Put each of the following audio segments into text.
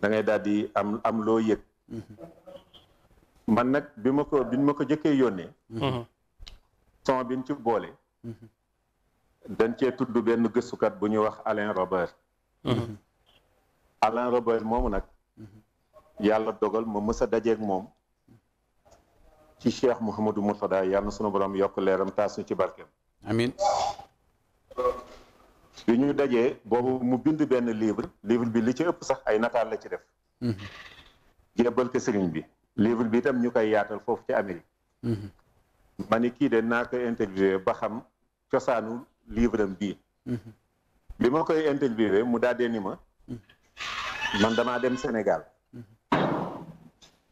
da daal di am am loo yëg mm-hmm. man nag bi ma ko bi ma ko jëkkee yónnee mm-hmm. son biñ ci boole mm-hmm. dañ cee tudd benn gëstukat bu ñuy wax Alain Robert Alain Robert moomu nag yàlla dogal ma mës a dajeeg moom ci Cheikh Mouhamadou Mourtada yàlla na sunu borom yokk leeram taas ñu ci barkeem amiin bi ñu dajee boobu mu bind benn livre livre bi li ci ëpp sax ay nataal la ci def mm-hmm. jébbal ko sëriñ bi livre bi tam ñu koy yaatal foofu ci Amérique mm-hmm. ma kii de naa ko interviewé ba xam cosaanu livre am bii mm-hmm. bi ma koy interviewé mu daadee ni ma man damaa dem Sénégal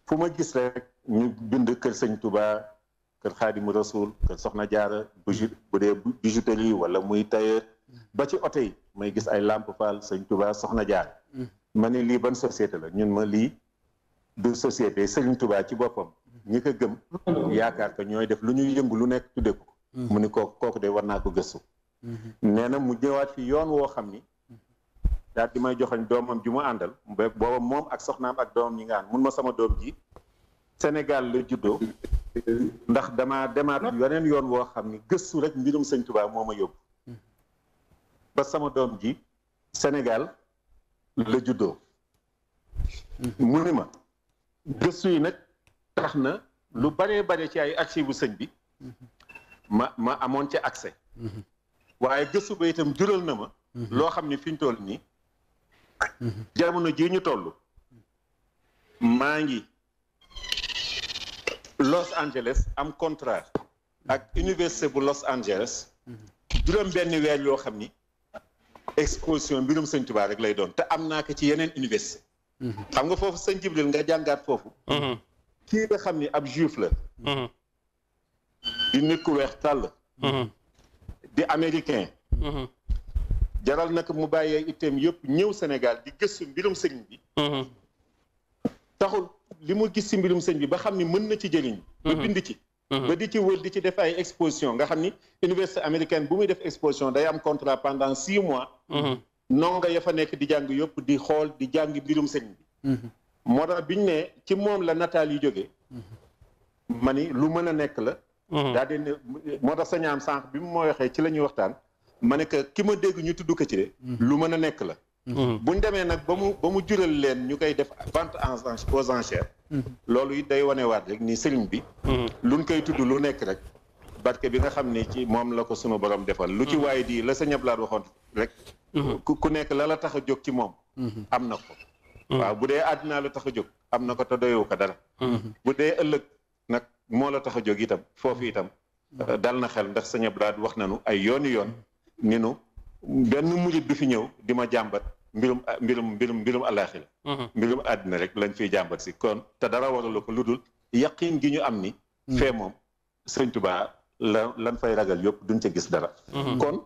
fu ma gis rek ñu bind kër sëñ Touba kër Xaadimu Rasuul kër Soxna Jaara bu dee bijouterie muy tailleur ba ci oto may gis ay Lamp Fall sëñ tubaa Soxna Jaar mm. ma ne lii ban société la ñun ma lii du société sëñ tubaa ci boppam ñi ko gëm yaakaar ko ñooy def lu ñuy yëngu lu nekk tudde ko mm. mu ni kooku kooku de war naa ko gëstu mm-hmm. nee na mu ñëwaat fi yoon woo xam ni mm-hmm. daal di may joxoñ doomam ji mu àndal booba moom ak soxnaam ak doomam ñi nga ànd mun ma sama doom ji Sénégal la juddoo mm-hmm. ndax damaa demaat yeneen yoon woo xam ni gëstu rek mbirum sëñ tubaa moo ma yóbbu ba sama doom ji Sénégal la juddoo mu ni ma gëstu yi nag tax na lu baree bare ci ay archives bu sëñ bi ma ma amoon ci accès waaye gëstu ba itam jural na ma loo xam ni fi ñu toll nii jamono ji ñu toll maa ngi Los Angeles am contrat ak université bu Los Angeles jural benn weer yoo xam ni exposition mbirum sëñ Tuubaa rek lay doon te am naa ko ci yeneen université xam nga foofu sëñ Jibril nga jàngaat foofu mhm. kii nga xam ni ab juif la mhm. di nit ku weex tàll mhm. di américain jaral nag mu bàyyee itam yëpp ñëw Sénégal di gëstu mbirum sëñ bi taxul li mu gis si mbirum sëñ bi ba xam ni mën na ci jëriñ ba bind ci Mm-hmm. ba di ci wër di ci def ay exposition nga xam ni université américaine bu muy def exposition day am contrat pendant six mois mm-hmm. ndongo ya fa nekk di jàng yëpp di xool di jàng mbirum sëñ bi mm-hmm. moo tax biñu ne ci moom la nataal yi jógee ma ni lu mën a nekk la daa di moo tax sañaam sànq bi mu ma waxee ci la ñuy waxtaan ma ne que ki ma dégg ñu tudd ko ci de lu mën a nekk la buñ demee nag ba mu mu jural leen ñu koy def vente aux enchères Mm-hmm. loolu it day wanewaat rek ni sëriñ bi mm-hmm. luñ koy tudd lu nekk rek barke bi nga xam ni ci moom la ko sunu borom defal lu ci mm-hmm. waaye di la sa ñablaat waxoon rek ku nekk la la tax a jóg ci moom am na ko waaw bu dee àddinaa la tax a jóg am na ko te doyoo ko dara bu dee ëllëg nag moo la tax a jóg itam foofu itam dal na xel ndax sëñ Abdoulaye wax nañu ay yooni yoon ni nu benn mujj du fi ñëw di ma jàmbat mbirum ah, mbirum mbirum mbirum àllaaxira mhm. mbirum àddina rek lañ fiy jàmbat si kon te dara waralu ko lu dul yaqin gi ñu am ni mm. fee moom sëñ Tuubaa la lan fay ragal yëpp duñ ca gis dara mhm. kon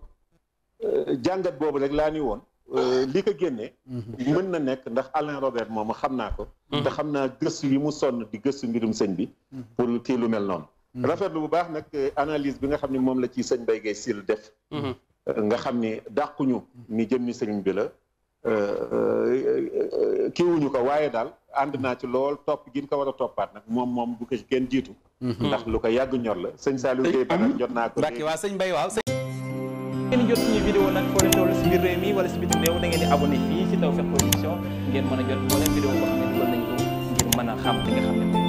euh, jàngat boobu rek laa ni woon euh, li ko génnee mhm. mën na nekk ndax Alain Robert moom xam naa ko te xam naa gëstu yi mu sonn di gëstu mbirum sëñ bi pour kii lu mel noonu rafetlu bu baax nag euh, analyse bi nga xam ne moom la ci sëñ Baye si lu def nga xam ni dàquñu ni jëmmi sëñ bi Euh, euh, euh, kii ko waaye daal ànd naa ci lool topp gin ko war a toppaat nag moom moom bu ko ci kenn jiitu. Mhm. ndax lu ko yàgg ñor la sañ Saliou Gueye Badane naa ko. Mbacke waa sëñ Mbaye waaw. ngeen jot suñu vidéo nag foo leen toll si biir réew mi wala si bitim réew da ngeen di abonné fii si Tawfekh Production ngeen mën a jot moo leen vidéo boo a xam li nga xam